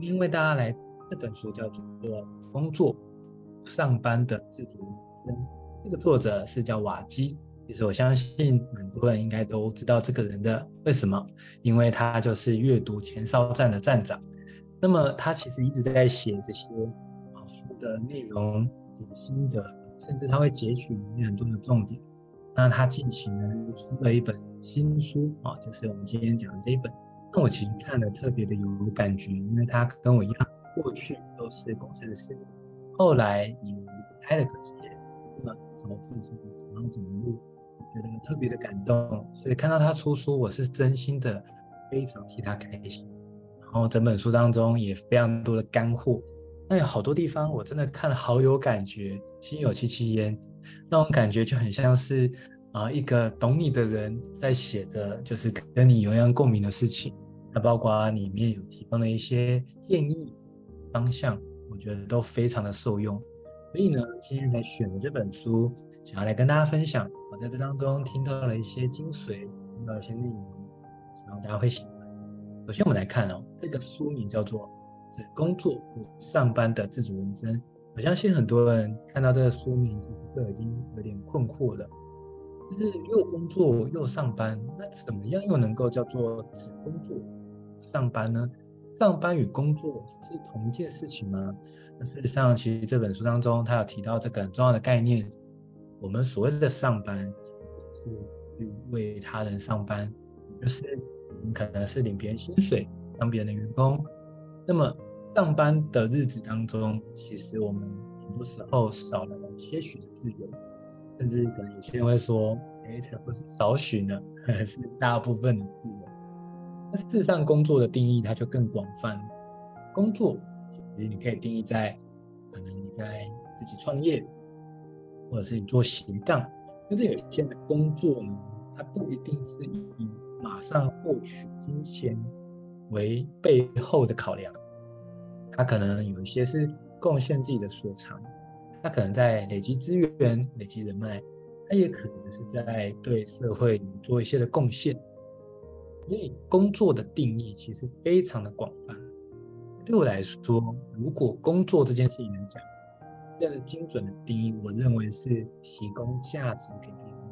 因為大家來這本書叫做《只工作、不上班的自主人生》，這個作者是叫瓦基，其實我相信很多人應該都知道這個人的為什麼，因為他就是閱讀前哨站的站長。那麼他其實一直在寫這些、哦、書的內容、點心的，甚至他會截取裡面很多的重點，那他近期呢出了一本新書啊、哦，就是我們今天講的這一本。我其實看了特別的有感覺，因為他跟我一樣，過去都是公司的事，後來也開了個企業，做了很多事情，然後怎麼我覺得特別的感動，所以看到他出書，我是真心的非常替他開心。然後整本書當中也非常多的乾貨，那有好多地方我真的看了好有感覺，心有戚戚焉，那種感覺就很像是啊、呃、一個懂你的人在寫着，就是跟你有樣共鳴的事情。那包括裡面有提供的一些建議方向，我覺得都非常的受用。所以呢，今天才選了這本書，想要來跟大家分享。我在這當中聽到了一些精髓，聽到一些內容，希望大家會喜歡。首先，我們來看哦，這個書名叫做《只工作不上班的自主人生》。我相信很多人看到這個書名，其實就已經有點困惑了，就是又工作又上班，那怎麼樣又能夠叫做只工作？上班呢？上班與工作是同一件事情嗎？那事實上，其實這本書當中，他有提到這個很重要的概念：我們所謂的上班，就是為他人上班，就是你可能是領別人薪水，當別人的員工。那麼上班的日子當中，其實我們很多時候少了些許的自由，甚至可能有些人會說：“哎、欸，這不是少許呢，是大部分的自由。”那事實上，工作的定義它就更廣泛。工作其實你可以定義在可能你在自己創業，或者是你做斜槓。但是有些的工作呢，它不一定是以馬上獲取金錢為背後的考量。它可能有一些是貢獻自己的所長，它可能在累積資源、累積人脈，它也可能是在對社會做一些的貢獻。所以工作的定義其實非常的廣泛。對我來說，如果工作這件事情來講，更精準的定義，我認為是提供價值給別人。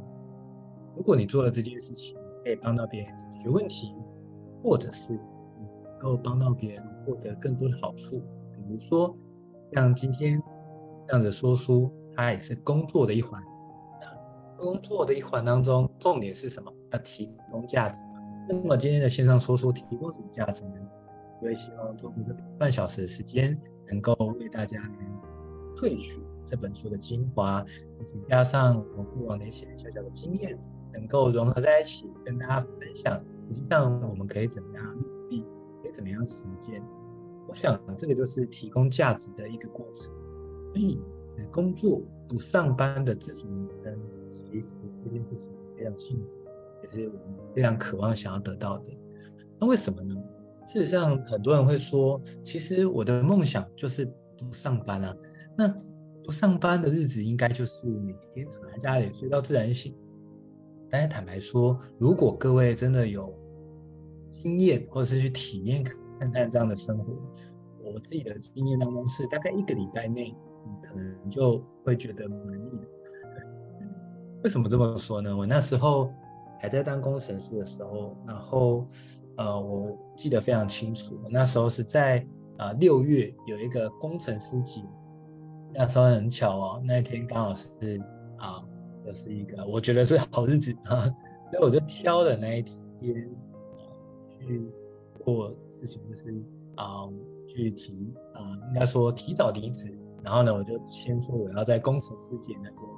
如果你做了這件事情，可以幫到別人解決問題，或者是能夠幫到別人獲得更多的好處，比如說像今天這樣子說書，它也是工作的一環。那工作的一環當中，重點是什麼？要提供價值。那麼今天的線上說書提供什麼價值呢？我也希望通過這半小時的時間，能夠為大家萃取這本書的精華，加上我過往的一些小小的經驗，能夠融合在一起跟大家分享。實際上我們可以怎麼樣努力，可以怎麼樣實踐？我想這個就是提供價值的一個過程。所以工作不上班的自主人生，其實這件事情非常幸福。也是我們非常渴望想要得到的。那為什麼呢？事實上，很多人會說，其實我的夢想就是不上班了啊。那不上班的日子，應該就是每天躺在家裡睡到自然醒。但是坦白說，如果各位真的有經驗，或者是去體驗看看這樣的生活，我自己的經驗當中是大概一個禮拜內，你可能就會覺得滿意。為什麼這麼說呢？我那時候。還在當工程師的時候，然後呃，我記得非常清楚，那時候是在啊六、呃、月有一個工程師節，那時候很巧哦，那一天剛好是啊、呃，就是一個我覺得是好日子啊，所以我就挑的那一天啊、呃、去過事情就是啊具體，啊、呃呃、應該說提早離職，然後呢，我就先說我要在工程師節那個。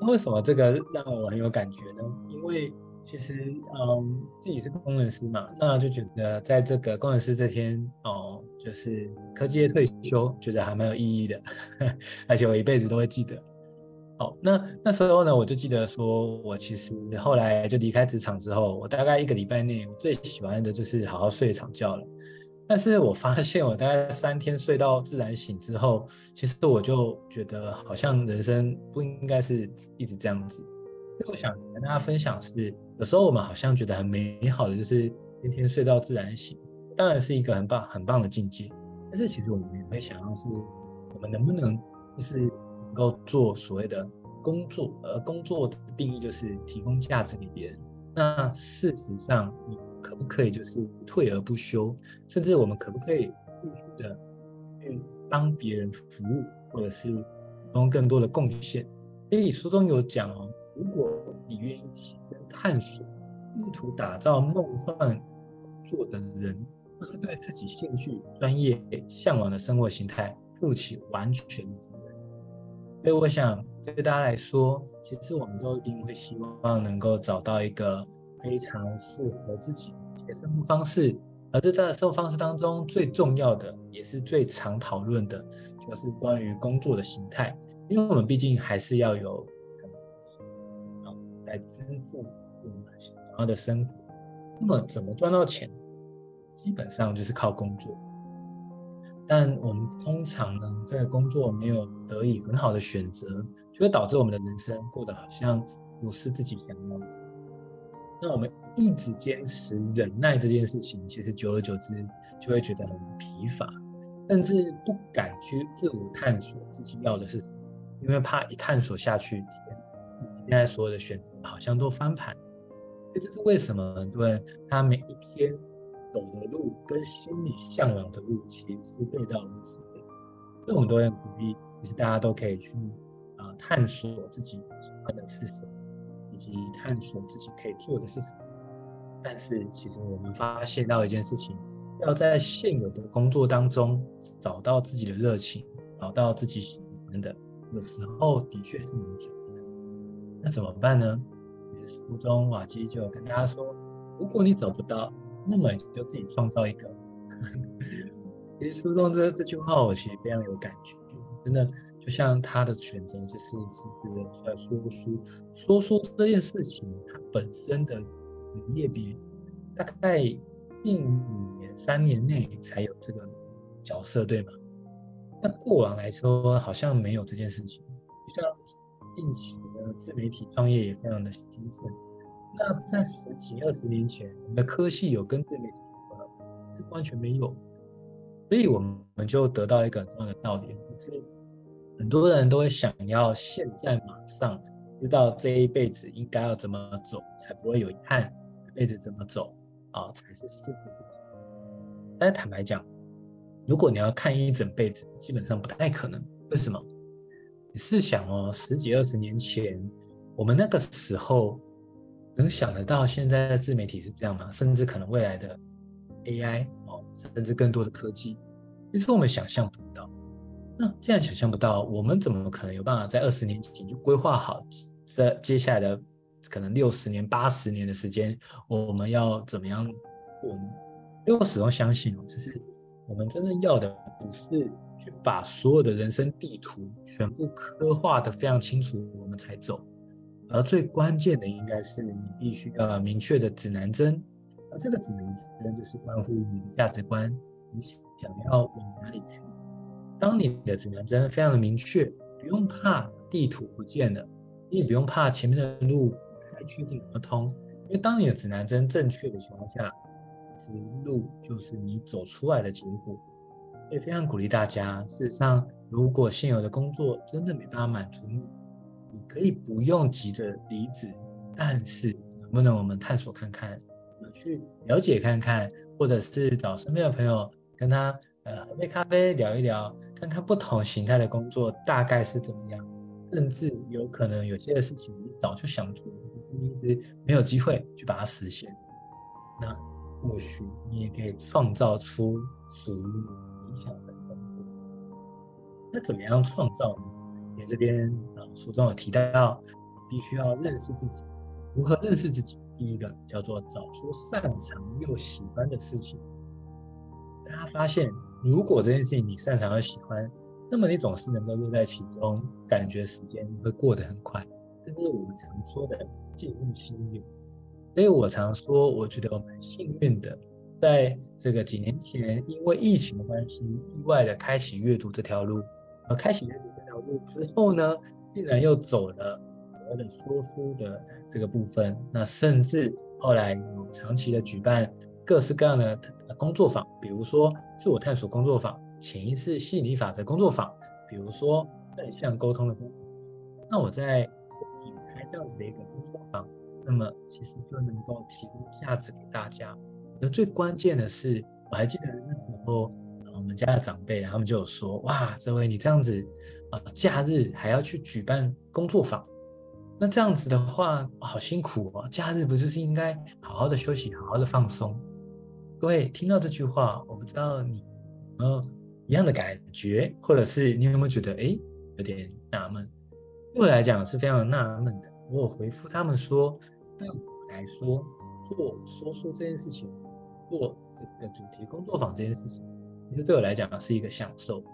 為什麼這個讓我很有感覺呢？因為其實，嗯、呃，自己是個工程師嘛，那就覺得在這個工程師這天哦、呃，就是科技業退休，覺得還蠻有意義的呵，而且我一輩子都會記得。哦，那那時候呢，我就記得說，我其實後來就離開職場之後，我大概一個禮拜內，我最喜歡的就是好好睡一場覺了。但是我發現，我大概三天睡到自然醒之後，其實我就覺得好像人生不應該是一直這樣子。所以我想跟大家分享的是，有時候我們好像覺得很美好的，就是天天睡到自然醒，當然是一個很棒很棒的境界。但是其實我們也會想要是，我們能不能就是能夠做所謂的工作，而、呃、工作的定義就是提供價值給別人。那事實上，可不可以就是退而不休，甚至我們可不可以繼續的去幫別人服務，或者是提供更多的貢獻？哎，書中有講哦，如果你願意起身探索，意圖打造夢幻做的人，就是對自己興趣、專業、嚮往的生活形態負起完全的責任。所以我想，對大家來說，其實我們都一定會希望能夠找到一個。非常適合自己的生活方式，而這生活方式當中，最重要的也是最常討論的，就是關於工作的形態。因為我們畢竟還是要有，來支付我們想要的生活。那麼，怎麼賺到錢？基本上就是靠工作。但我們通常呢，在工作沒有得以很好的選擇，就會導致我們的人生過得好像不是自己想要。那我們一直堅持忍耐這件事情，其實久而久之就會覺得很疲乏，甚至不敢去自我探索自己要的是什麼，因為怕一探索下去，現在所有的選擇好像都翻盤。所以這是為什麼，很多人他每一天走的路跟心裡嚮往的路其實是背道而馳的。所以我們都很鼓勵，其實大家都可以去啊探索自己喜歡的事情。以及探索自己可以做的事情，但是其實我們發現到一件事情，要在現有的工作當中找到自己的熱情，找到自己喜歡的，有時候的確是蠻難的。那怎麼辦呢？書中瓦基就有跟大家說，如果你找不到，那麼你就自己創造一個。其 實書中這這句話，我其實非常有感覺。真的就像他的選擇，就是自己的說書。說書這件事情，它本身的業別大概近五年、三年內才有這個角色，對吧？那過往來說，好像沒有這件事情。像近期的自媒體創業也非常的興盛。那在十幾、二十年前，我們的科系有跟自媒體是完全沒有。所以我們就得到一個重要的道理，就是。很多人都會想要現在馬上知道這一輩子應該要怎麼走，才不會有遺憾。這輩子怎麼走啊、哦，才是適合自己？但是坦白講，如果你要看一整輩子，基本上不太可能。為什麼？你是想哦，十幾二十年前，我們那個時候能想得到現在的自媒體是這樣嗎？甚至可能未來的 AI 哦，甚至更多的科技，其實我們想象不到。那現在想象不到，我們怎麼可能有辦法在二十年前就規劃好這接下來的可能六十年、八十年的時間，我們要怎麼樣過呢？因為我始終相信，就是我們真正要的不是去把所有的人生地圖全部刻畫得非常清楚，我們才走。而最關鍵的應該是你必須要有明確的指南針，而這個指南針就是關乎你的價值觀，你想要往哪裡去。當你的指南針非常的明確，不用怕地圖不見了，你也不用怕前面的路還確定怎麼通，因為當你的指南針正確的情況下，其實路就是你走出來的結果。所以非常鼓勵大家，事實上，如果現有的工作真的沒辦法滿足你，你可以不用急着離職，但是能不能我們探索看看，我們去了解看看，或者是找身邊的朋友跟他呃喝杯咖啡聊一聊。看看不同形態的工作大概是怎麼樣，甚至有可能有些事情你早就想做了，可是你一直沒有機會去把它實現。那或許你也可以創造出屬於你理想的工作。那怎麼樣創造呢？你這邊啊，書中有提到，必須要認識自己。如何認識自己？第一個叫做找出擅長又喜歡的事情。大家發現。如果這件事情你擅長和喜歡，那麼你總是能夠樂在其中，感覺時間會過得很快，這是我們常說的借物心也。所以我常說，我覺得我蠻幸運的，在這個幾年前因為疫情的關係，意外的開啟閱讀這條路。而開啟閱讀這條路之後呢，竟然又走了我的說書的這個部分，那甚至後來有長期的舉辦各式各樣的。工作坊，比如說自我探索工作坊、潛意識吸引力法則工作坊，比如說正向溝通的工作。那我在開這樣子的一個工作坊，那麼其實就能夠提供價值給大家。而最關鍵的是，我還記得那時候我們家的長輩他們就有說：“哇，哲維你這樣子啊、呃，假日還要去舉辦工作坊，那這樣子的話、哦、好辛苦哦，假日不就是應該好好的休息、好好的放鬆？”各位聽到這句話，我不知道你有沒有一樣的感覺，或者是你有沒有覺得哎、欸、有點納悶？對我來講是非常納悶的。我回復他們說，對我來說做說書這件事情，做這個主題工作坊這件事情，其實對我來講是一個享受，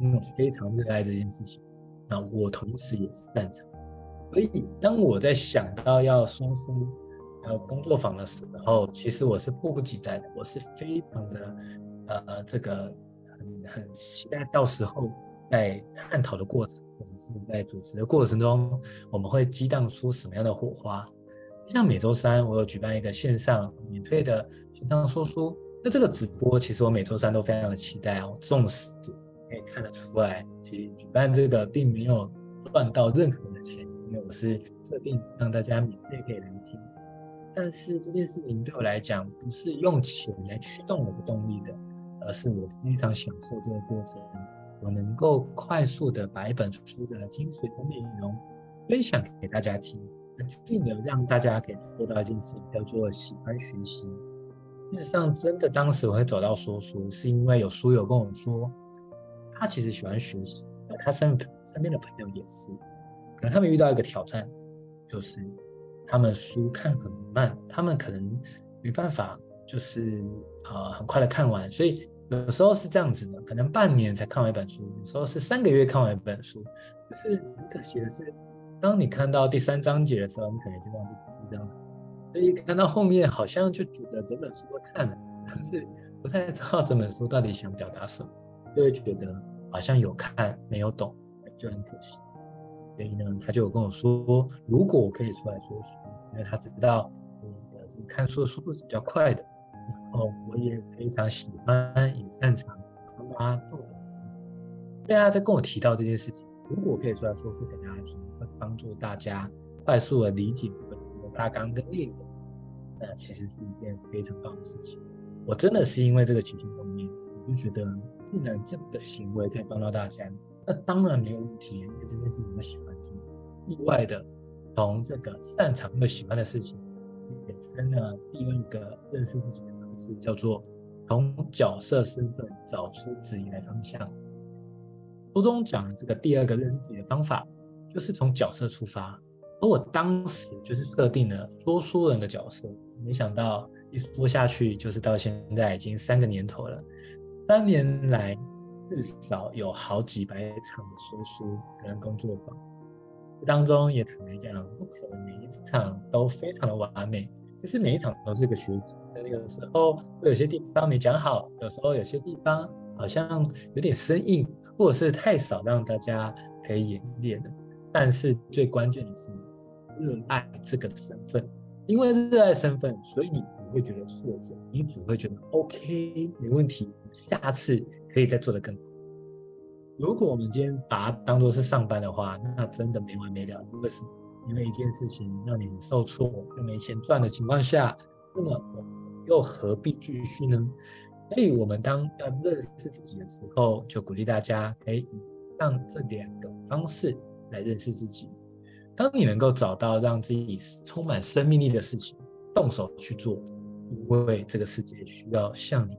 因為我非常熱愛這件事情。那我同時也是擅長。所以當我在想到要說書。還有工作坊的時候，其實我是迫不及待的，我是非常的，呃，這個很很期待到時候在探討的過程，或者是在主持的過程中，我們會激盪出什麼樣的火花？像每周三我有舉辦一個線上免費的線上說書，那這個直播其實我每周三都非常的期待哦。縱使可以看得出來，其實舉辦這個並沒有賺到任何的錢，因為我是設定讓大家免費可以聆聽。但是這件事情對我來講，不是用錢來驅動我的動力的，而是我非常享受這個過程。我能夠快速的把一本書的精髓和內容分享給大家聽，進而讓大家給做到一件事情，叫做喜歡學習。事實上，真的當時我會走到說書，是因為有書友跟我說，他其實喜歡學習，而他身身邊的朋友也是。可能他們遇到一個挑戰，就是。他們書看很慢，他們可能沒辦法，就是啊、呃、很快的看完，所以有時候是這樣子的，可能半年才看完一本書，有時候是三個月看完一本書，可是很可惜的是，當你看到第三章節的時候，你可能就忘記第一章了，所以一看到後面好像就覺得整本書都看了，但是不太知道這本書到底想表達什麼，就會覺得好像有看，沒有懂，就很可惜。所以呢，他就跟我說，如果我可以出來說說。因為他知道，我、嗯、的、這個、看書的速度是比較快的，然後我也非常喜歡，也擅長。幫他做的，對啊，在跟我提到這件事情，如果我可以出來說說給大家聽，會幫助大家快速的理解文章的大綱跟內容，那其實是一件非常棒的事情。我真的是因為這個起心動念，我就覺得既然這個行為可以幫到大家，那當然沒有問題，因為這件事情我喜歡做，意外的。從這個擅長又喜歡的事情，本身呢，第二個認識自己的方式叫做從角色身份找出自己的方向。書中講的這個第二個認識自己的方法，就是從角色出發。而我當時就是設定了說書人的角色，沒想到一說下去就是到現在已經三個年頭了。三年來至少有好幾百場的說書跟工作坊。當中也坦白講，不可能每一場都非常的完美，就是每一場都是一個學習。在那個時候，會有些地方沒講好，有時候有些地方好像有點生硬，或者是太少讓大家可以演練了。但是最關鍵的是，熱愛這個身份，因為熱愛身份，所以你不會覺得挫折，你只會覺得 OK，沒問題，下次可以再做得更好。如果我們今天把它當作是上班的話，那真的沒完沒了。如果是因為一件事情讓你受挫，又沒錢賺的情況下，那麼又何必繼續呢？所以，我們當要認識自己的時候，就鼓勵大家，哎，以上這兩個方式來認識自己。當你能夠找到讓自己充滿生命力的事情，動手去做，因為這個世界需要像你。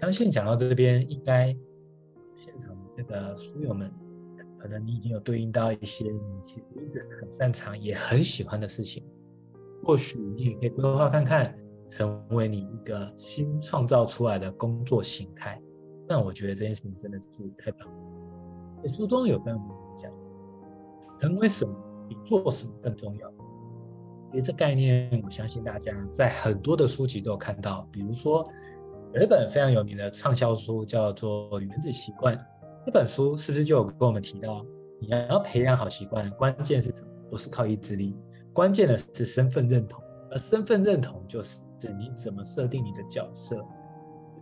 相信講到這邊，應該。現場的這個書友們，可能你已經有對應到一些你其實一直很擅長也很喜歡的事情，或許你也可以規劃看看，成為你一個新創造出來的工作形態。但我覺得這件事情真的是太棒了。書中有跟我們講，成為什麼比做什麼更重要。其實這概念，我相信大家在很多的書籍都有看到，比如說。有一本非常有名的暢銷書，叫做《原子習慣》。這本書是不是就有跟我們提到，你要培養好習慣，關鍵是什麼？不是靠意志力，關鍵的是身份認同。而身份認同就是指你怎麼設定你的角色。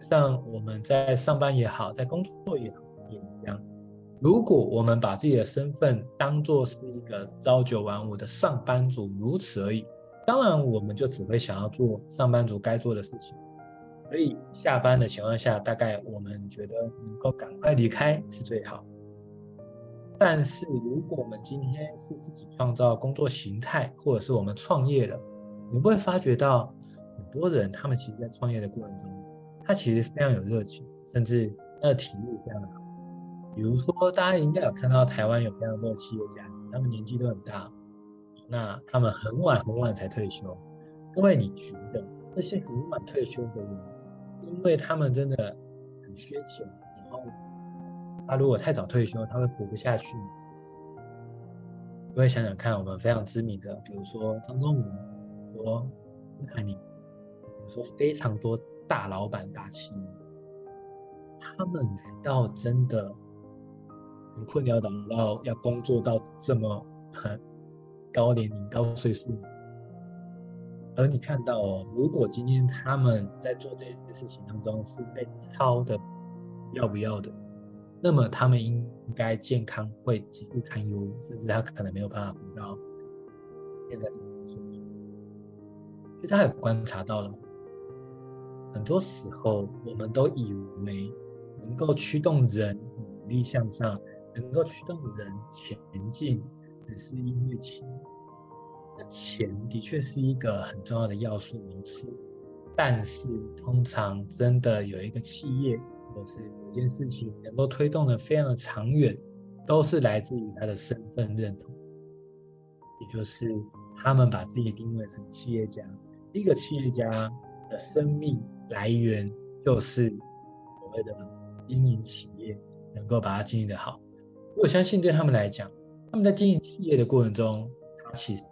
像我們在上班也好，在工作也好，也一樣。如果我們把自己的身份當做是一個朝九晚五的上班族，如此而已，當然我們就只會想要做上班族該做的事情。所以下班的情況下，大概我們覺得能夠趕快離開是最好。但是如果我們今天是自己創造工作形態，或者是我們創業了，你會發覺到很多人他們其實，在創業的過程中，他其實非常有熱情，甚至他的體力非常的好。比如說，大家應該有看到台灣有非常多企業家，他們年紀都很大，那他們很晚很晚才退休。因為你覺得那些很晚退休的人。因為他們真的很缺錢，然後他如果太早退休，他會活不下去。因為想想看，我們非常知名的，比如說張忠謀，說比如說非常多大老闆、大企業，他們難道真的很困難到要要工作到這麼很高年齡、高歲數？而你看到，哦，如果今天他們在做這件事情當中是被操的，要不要的？那麼他們應該健康會極度堪憂，甚至他可能沒有辦法回到現在這個狀態。所以他有觀察到了，很多時候我們都以為能夠驅動人努力向上，能夠驅動人前進，只是因為錢。錢的確是一個很重要的要素，但是通常真的有一個企業或者是有件事情能夠推動的非常的長遠，都是來自於他的身份認同，也就是他們把自己定位成企業家。一個企業家的生命來源就是所謂的經營企業，能夠把它經營的好。我相信對他們來講，他們在經營企業的過程中，他其實。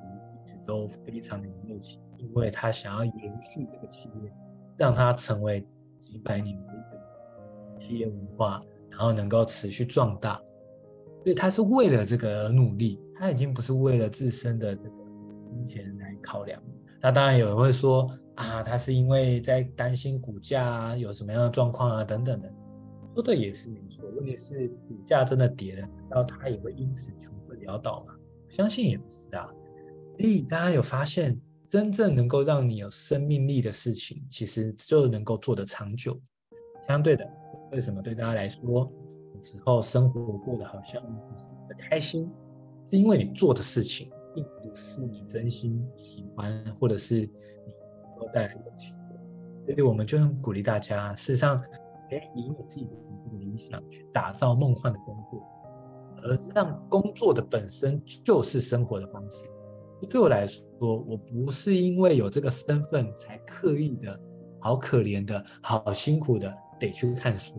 都非常的有熱情，因為他想要延續這個企業，讓它成為幾百年的一個企業文化，然後能夠持續壯大。所以他是為了這個而努力，他已經不是為了自身的這個金錢來考量。那當然有人會說啊，他是因為在擔心股價啊有什麼樣的狀況啊等等的，說的也是沒錯。問題是股價真的跌了，然後他也會因此窮困潦倒嗎？我相信也是啊。力大家有發現，真正能夠讓你有生命力的事情，其實就能夠做得長久。相對的，為什麼對大家來說，有時候生活過得好像不開心，是因為你做的事情並不是你真心喜歡，或者是你能夠帶來樂趣。所以，我們就很鼓勵大家，事實上，可以因為自己的理想去打造夢幻的工作，而讓工作的本身就是生活的方式。對我來說，我不是因為有這個身份才刻意的，好可憐的，好辛苦的得去看書，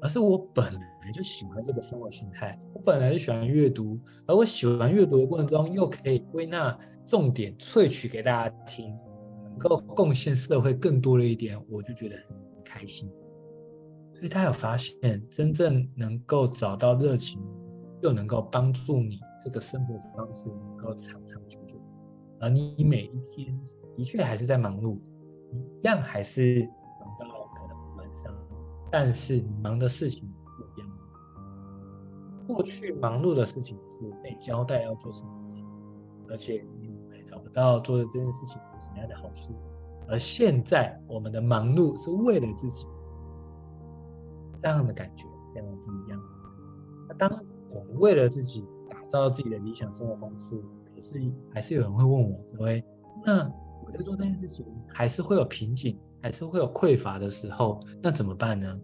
而是我本來就喜歡這個生活形態，我本來就喜歡閱讀，而我喜歡閱讀的過程中又可以歸納重點、萃取給大家聽，能夠貢獻社會更多的一點，我就覺得很開心。所以他有發現，真正能夠找到熱情，又能夠幫助你。這個生活方式能夠長長久久，而你每一天的確還是在忙碌，一樣還是忙到可能晚上，但是你忙的事情不一樣。過去忙碌的事情是被交代要做什麼事情，而且你找不到做的這件事情有什麼樣的好處，而現在我們的忙碌是為了自己，這樣的感覺兩種不一樣。那當我們為了自己，到自己的理想生活方式，可是還是有人會問我，喂，那我在做這件事情，還是會有瓶頸，還是會有匱乏的時候，那怎麼辦呢？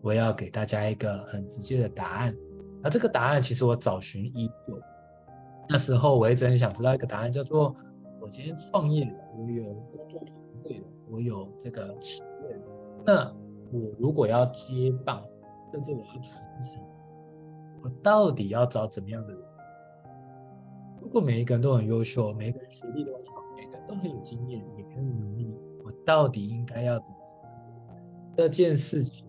我要給大家一個很直接的答案。而這個答案其實我找尋已久。那時候我一直很想知道一個答案，叫做我今天創業了，我有工作團隊了，我有這個企業，那我如果要接棒，甚至我要傳承，我到底要找怎麼樣的人？如果每一個人都很優秀，每一個人實力都很強，每一個人都很有經驗，每個人努力，我到底應該要怎麼做？這件事情，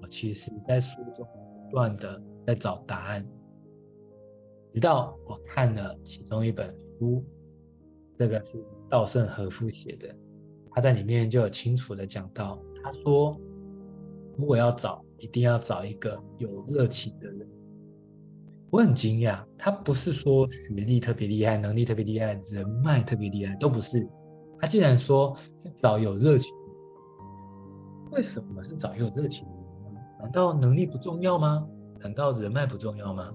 我其實在書中不斷的在找答案，直到我看了其中一本書，這個是稻盛和夫寫的，他在裡面就有清楚的講到，他說，如果要找，一定要找一個有熱情的人。我很驚訝，他不是說學歷特別厲害、能力特別厲害、人脈特別厲害，都不是。他竟然說是找有熱情的，為什麼是找有熱情的人呢？難道能力不重要嗎？難道人脈不重要嗎？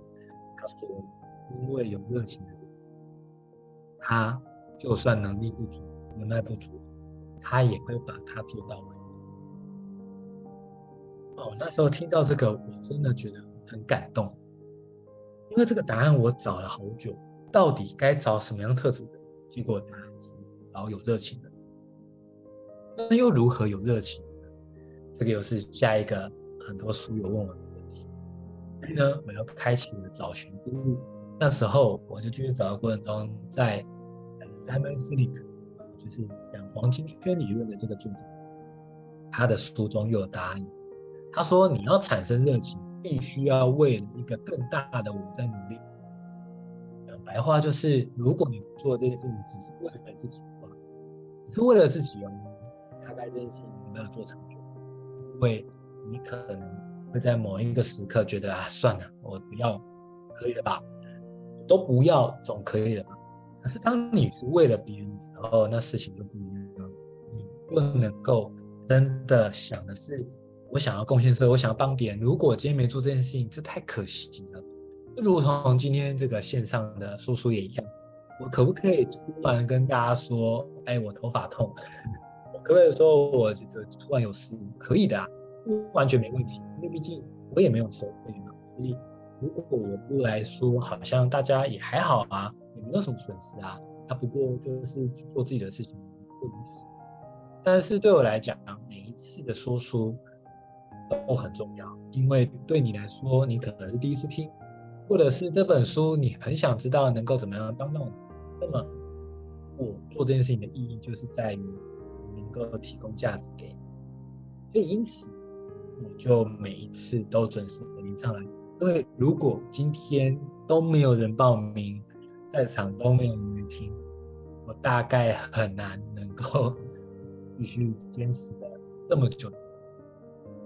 他說，因為有熱情的人，他就算能力不足、人脈不足，他也會把它做到位。哦，那時候聽到這個，我真的覺得很感動。因為這個答案我找了好久，到底該找什麼樣特質的？結果答案是，找有熱情的。那又如何有熱情呢？這個又是下一個很多書友問我的問題。所以呢，我要開啟我的找尋之路。那時候我就繼續找的過程中在，在呃，Simon Sinek，就是講黃金圈理論的這個作者，他的書中又有答案。他說你要產生熱情。必須要為了一個更大的我在努力。講白話就是，如果你做這件事情只是為了自己的話，只是為了自己哦，大概這件事情你不要做長久，因為你可能會在某一個時刻覺得啊，算了，我不要，可以了吧，都不要，總可以了吧。可是當你是為了別人的時候，那事情就不一樣了，你不能夠真的想的是。我想要貢獻，所以我想要幫別人。如果今天沒做這件事情，這太可惜了。就如同今天這個線上的說書也一樣，我可不可以突然跟大家說：“哎，我頭髮痛。”可不可以說：“我這突然有事？”可以的啊，完全沒問題。因為畢竟我也沒有收費嘛，所以如果我不來說，好像大家也還好啊，也沒有什麼損失啊。那、啊、不過就是做自己的事情不意思。但是對我來講，每一次的說書。都很重要，因為對你來說，你可能是第一次聽，或者是這本書你很想知道能夠怎麼樣幫到你。那麼，我做這件事情的意義就是在於能夠提供價值給你。所以，因此我就每一次都準時報名上來，因為如果今天都沒有人報名，在場都沒有人聽，我大概很難能夠繼續堅持的這麼久。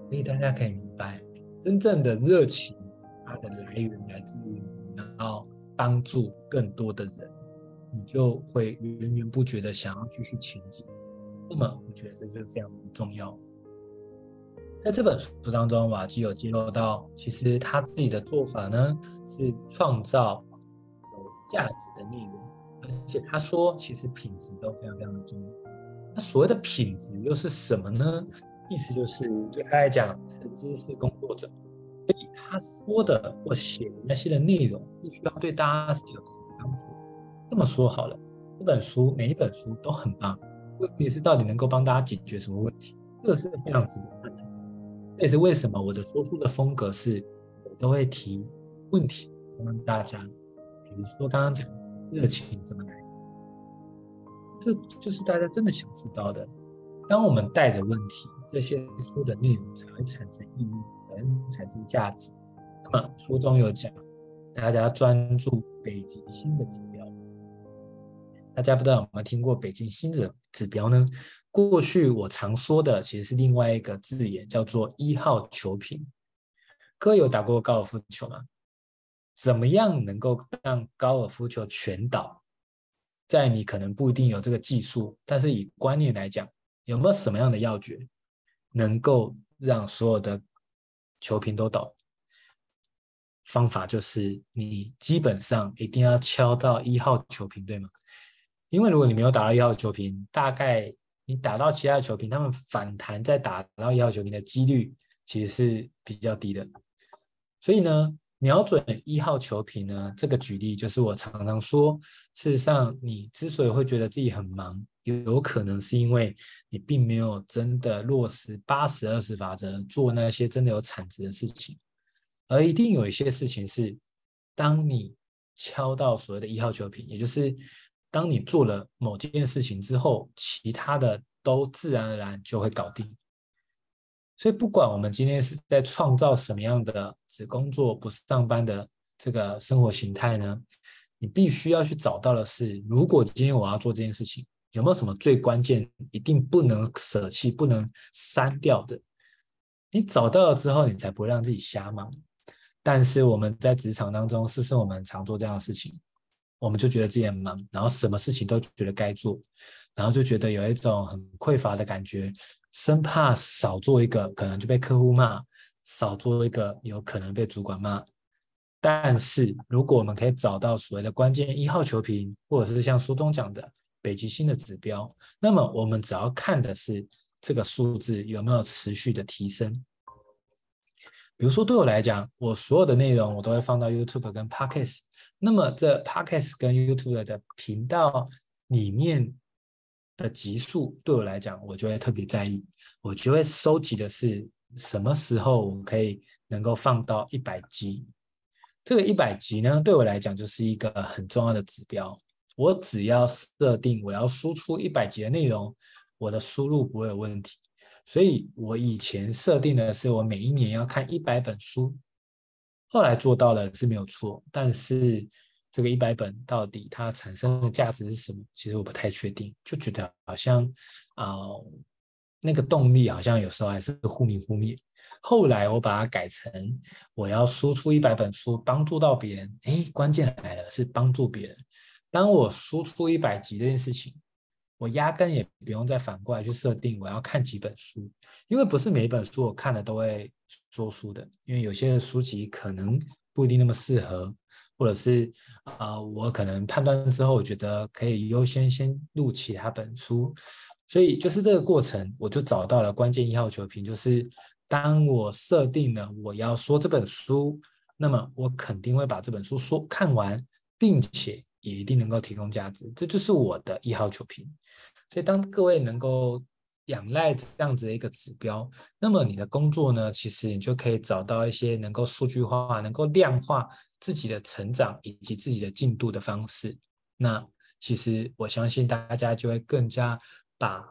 所以大家可以明白，真正的熱情它的來源來自於你想要幫助更多的人，你就會源源不絕的想要繼續前進。那麼我覺得這就是非常重要。在這本書當中，瓦基有記錄到，其實他自己的做法呢是創造有價值的內容，而且他說其實品質都非常非常的重要。那所謂的品質又是什麼呢？意思就是，對他來講，他是知識工作者，所以他說的或寫的那些的內容，必須要對大家是有什麼幫助。這麼說好了，這本書每一本書都很棒，問題是到底能夠幫大家解決什麼問題？這個是非常值得探討的。這也是為什麼我的說書的風格是，我都會提問題讓大家，比如說剛剛講熱情怎麼來，這就是大家真的想知道的。當我們帶着問題，這些書的內容才會產生意義，才能產生價值。那麼，書中有講，大家專注北極星的指標。大家不知道有沒有聽過北極星的指標呢？過去我常說的其實是另外一個字眼，叫做一號球瓶。哥有打過高爾夫球嗎？怎麼樣能夠讓高爾夫球全倒？在你可能不一定有這個技術，但是以觀念來講，有沒有什麼樣的要訣？能夠讓所有的球瓶都倒，方法就是你基本上一定要敲到一號球瓶，對嗎？因為如果你沒有打到一號球瓶，大概你打到其他的球瓶，他們反彈再打到一號球瓶的幾率其實是比較低的，所以呢。瞄準一號球瓶呢？這個舉例就是我常常說，事實上，你之所以會覺得自己很忙，有可能是因為你並沒有真的落實八十二十法則，做那些真的有產值的事情。而一定有一些事情是，當你敲到所謂的一號球瓶，也就是當你做了某件事情之後，其他的都自然而然就會搞定。所以，不管我們今天是在創造什麼樣的只工作不上班的這個生活形態呢，你必須要去找到的是，如果今天我要做這件事情，有沒有什麼最關鍵、一定不能捨棄、不能刪掉的？你找到了之後，你才不會讓自己瞎忙。但是我們在職場當中，是不是我們常做這樣的事情？我們就覺得自己很忙，然後什麼事情都覺得該做，然後就覺得有一種很匱乏的感覺。生怕少做一個，可能就被客戶罵；少做一個，有可能被主管罵。但是如果我們可以找到所謂的關鍵一號球評，或者是像蘇東講的北極星的指標，那麼我們只要看的是這個數字有沒有持續的提升。比如說對我來講，我所有的內容我都會放到 YouTube 跟 Podcast，那麼這 Podcast 跟 YouTube 的頻道裡面。的集數對我來講，我就會特別在意。我就會收集的是什麼時候我可以能夠放到一百集。這個一百集呢，對我來講就是一個很重要的指標。我只要設定我要輸出一百集的內容，我的輸入不會有問題。所以我以前設定的是我每一年要看一百本書，後來做到了是沒有錯，但是。這個一百本到底它產生的價值是什麼？其實我不太確定，就覺得好像啊、呃，那個動力好像有時候還是忽明忽滅。後來我把它改成我要輸出一百本書，幫助到別人。哎，關鍵來了，是幫助別人。當我輸出一百集這件事情，我壓根也不用再反過來去設定我要看幾本書，因為不是每一本書我看了都會說書的，因為有些書籍可能不一定那麼適合。或者是啊，我可能判斷之後，我覺得可以優先先錄其他本書，所以就是這個過程，我就找到了關鍵一號球瓶，就是當我設定了我要說這本書，那麼我肯定會把這本書說看完，並且也一定能夠提供價值，這就是我的一號球瓶。所以當各位能夠仰賴這樣子的一個指標，那麼你的工作呢，其實你就可以找到一些能夠數據化、能夠量化。自己的成長以及自己的進度的方式，那其實我相信大家就會更加把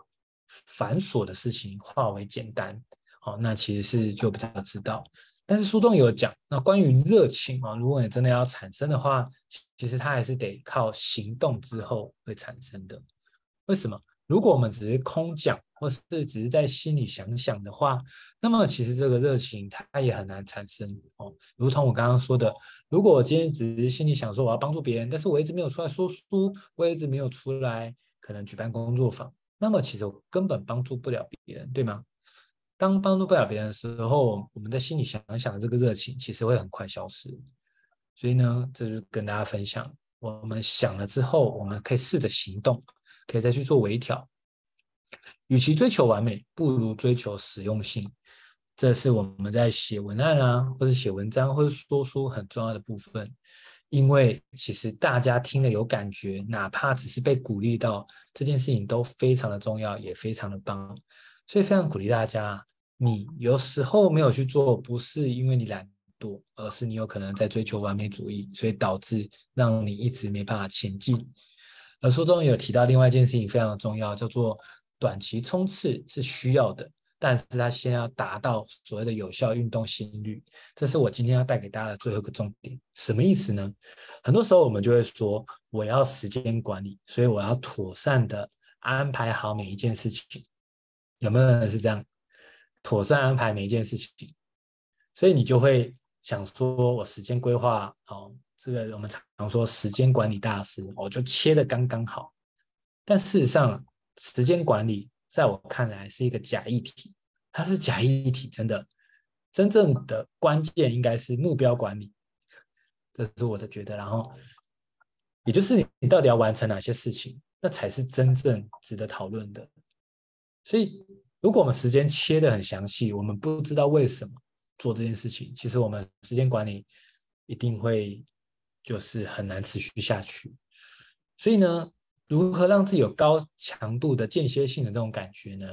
繁瑣的事情化為簡單。好、哦，那其實是就不太知,知道。但是書中有講，那關於熱情啊，如果你真的要產生的話，其實它還是得靠行動之後會產生的。的為什麼？如果我們只是空講，或是只是在心裡想想的話，那麼其實這個熱情它也很難產生哦。如同我剛剛說的，如果我今天只是心裡想說我要幫助別人，但是我一直沒有出來說書，我也一直沒有出來，可能舉辦工作坊，那麼其實我根本幫助不了別人，對嗎？當幫助不了別人的時候，我們在心裡想想的這個熱情，其實會很快消失。所以呢，這就是跟大家分享，我們想了之後，我們可以試着行動。可以再去做微調，與其追求完美，不如追求實用性。這是我們在寫文案啊，或者寫文章，或者說書很重要的部分。因為其實大家聽了有感覺，哪怕只是被鼓勵到，這件事情都非常的重要，也非常的棒。所以非常鼓勵大家，你有時候沒有去做，不是因為你懶惰，而是你有可能在追求完美主義，所以導致讓你一直沒辦法前進。而書中有提到另外一件事情非常重要，叫做短期衝刺是需要的，但是它先要達到所謂的有效運動心率，這是我今天要帶給大家的最後一個重點。什麼意思呢？很多時候我們就會說我要時間管理，所以我要妥善的安排好每一件事情，有沒有人是這樣？妥善安排每一件事情，所以你就會想說我時間規劃好。哦這個我們常常說時間管理大師，我就切的剛剛好。但事實上，時間管理在我看來是一個假議題，它是假議題，真的。真正的關鍵應該是目標管理，這是我的覺得。然後，也就是你你到底要完成哪些事情，那才是真正值得討論的。所以，如果我們時間切的很詳細，我們不知道為什麼做這件事情，其實我們時間管理一定會。就是很難持續下去，所以呢，如何讓自己有高強度的間歇性的這種感覺呢？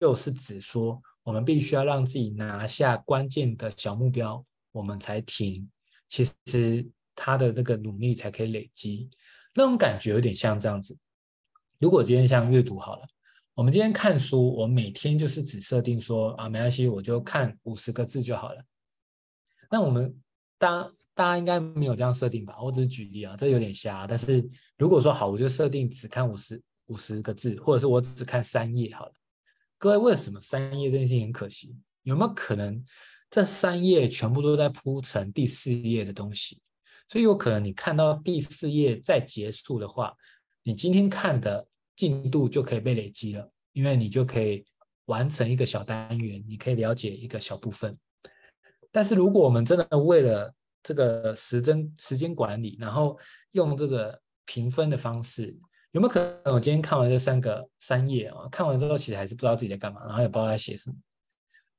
就是指說，我們必須要讓自己拿下關鍵的小目標，我們才停。其實他的那個努力才可以累積，那種感覺有點像這樣子。如果今天像閱讀好了，我們今天看書，我每天就是只設定說啊，沒關係，我就看五十個字就好了。那我們當。大家應該沒有這樣設定吧？我只是舉例啊，這有點瞎啊，但是如果說好，我就設定只看五十五十個字，或者是我只看三頁好了。各位，為什麼三頁這件事情很可惜？有沒有可能這三頁全部都在鋪成第四頁的東西？所以有可能你看到第四頁再結束的話，你今天看的進度就可以被累積了，因為你就可以完成一個小單元，你可以了解一個小部分。但是如果我們真的為了這個時針時間管理，然後用這個評分的方式，有沒有可能我今天看完這三個三頁啊？看完之後其實還是不知道自己在幹嘛，然後也不知道在寫什麼。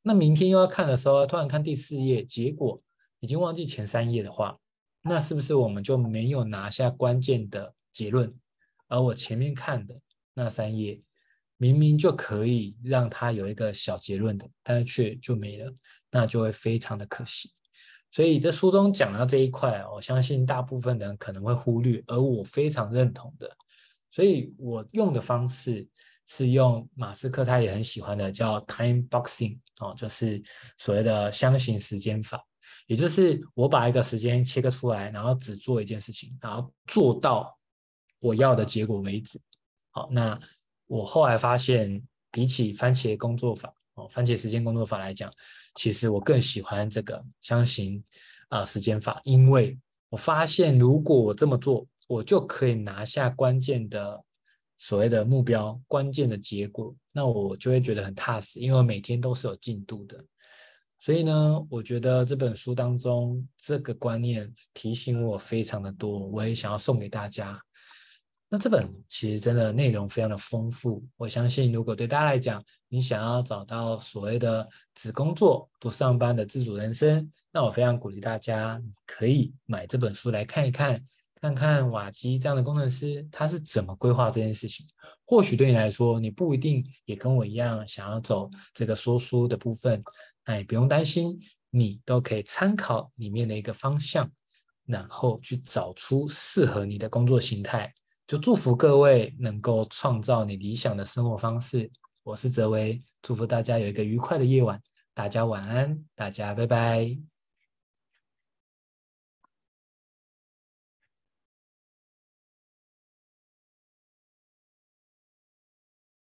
那明天又要看的時候，突然看第四頁，結果已經忘記前三頁的話，那是不是我們就沒有拿下關鍵的結論？而我前面看的那三頁，明明就可以讓它有一個小結論的，但是卻就沒了，那就會非常的可惜。所以這書中講到這一塊，我相信大部分人可能會忽略，而我非常認同的，所以我用的方式是用馬斯克他也很喜歡的叫 time boxing，哦，就是所謂的箱型時間法，也就是我把一個時間切割出來，然後只做一件事情，然後做到我要的結果為止。好，哦，那我後來發現，比起番茄工作法。哦，番茄時間工作法來講，其實我更喜歡這個箱型啊時間法，因為我發現如果我這麼做，我就可以拿下關鍵的所謂的目標、關鍵的結果，那我就會覺得很踏實，因為我每天都是有進度的。所以呢，我覺得這本書當中這個觀念提醒我非常的多，我也想要送給大家。那這本其實真的內容非常的豐富，我相信如果對大家來講，你想要找到所謂的只工作不上班的自主人生，那我非常鼓勵大家可以買這本書來看一看，看看瓦基這樣的工程師他是怎麼規劃這件事情。或許對你來說，你不一定也跟我一樣想要走這個說書的部分，那也不用擔心，你都可以參考裡面的一個方向，然後去找出適合你的工作型態。就祝福各位能夠創造你理想的生活方式。我是哲維，祝福大家有一個愉快的夜晚。大家晚安，大家拜拜。